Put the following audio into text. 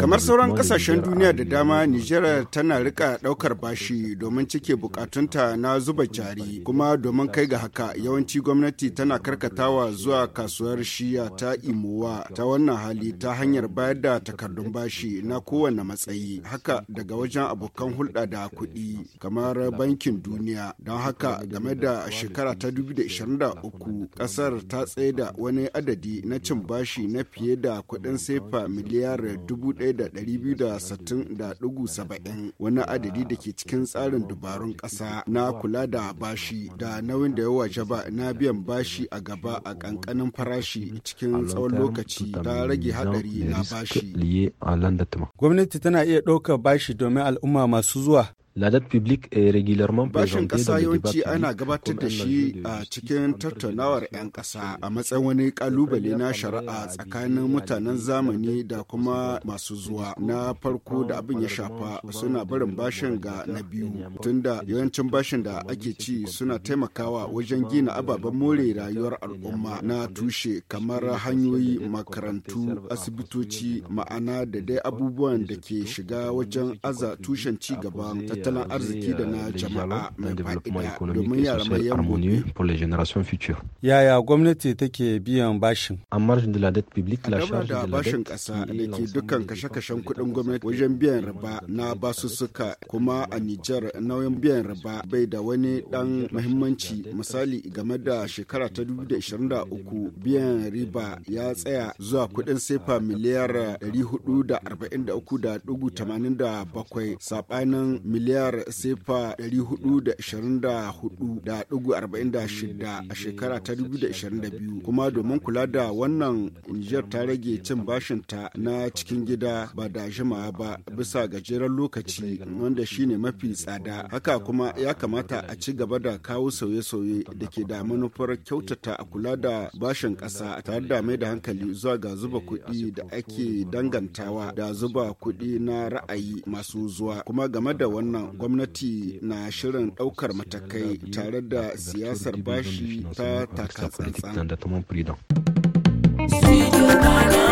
kamar sauran kasashen duniya da dama nijar tana rika daukar bashi domin cike bukatunta na zuba jari kuma domin kai ga haka yawanci gwamnati tana karkatawa zuwa kasuwar shiya ta imowa ta wannan hali ta hanyar bayar da takardun bashi na kowane matsayi haka daga wajen abokan hulɗa da kuɗi kamar bankin duniya don haka game da shekara ta 2023 kasar ta tsaye da wani adadi na cin bashi na fiye da kuɗin sefa miliyar 1,260.70 wani adadi da ke cikin tsarin dubarun ƙasa na kula da bashi da nauyin da ya waje ba na biyan bashi a gaba a ƙanƙanin farashi cikin tsawon lokaci ta rage haɗari na bashi. Gwamnati tana iya ɗaukar bashi domin al'umma masu zuwa Eh, la dette publique est régulièrement Bashin ƙasa yawanci ana gabatar da shi a cikin tattaunawar 'yan ƙasa a matsayin wani kalubale na shari'a tsakanin mutanen zamani da kuma masu zuwa na farko da abin ya shafa suna barin bashin ga na biyu tunda yawancin bashin da ake ci suna taimakawa wajen gina ababen more rayuwar al'umma na tushe kamar hanyoyi makarantu asibitoci ma'ana da dai abubuwan da ke shiga wajen aza tushen ci gaba. tattalin arziki da na jama'a mai fa'ida domin yara mai yan Yaya gwamnati take biyan bashin? A daura da bashin kasa da ke dukkan kashe-kashen kudin gwamnati wajen biyan riba na basussuka kuma a Nijar nauyin biyan riba bai da wani dan mahimmanci misali game da shekara ta 2023 biyan riba ya tsaya zuwa kudin sefa miliyar 443.87 sabanin miliyar miliyar sefa 424.46 a shekara ta 2022 kuma domin kula da wannan Nijar ta rage cin bashinta na cikin gida ba da jimawa ba bisa gajeren lokaci wanda shine mafi tsada haka kuma ya kamata a ci gaba da kawo sauye-sauye da ke da manufar kyautata a kula da bashin ƙasa tare da mai da hankali zuwa ga zuba kuɗi da ake dangantawa da zuba kuɗi na ra'ayi masu zuwa kuma game da wannan gwamnati na shirin ɗaukar matakai tare da siyasar bashi ta takatsantsan. Studio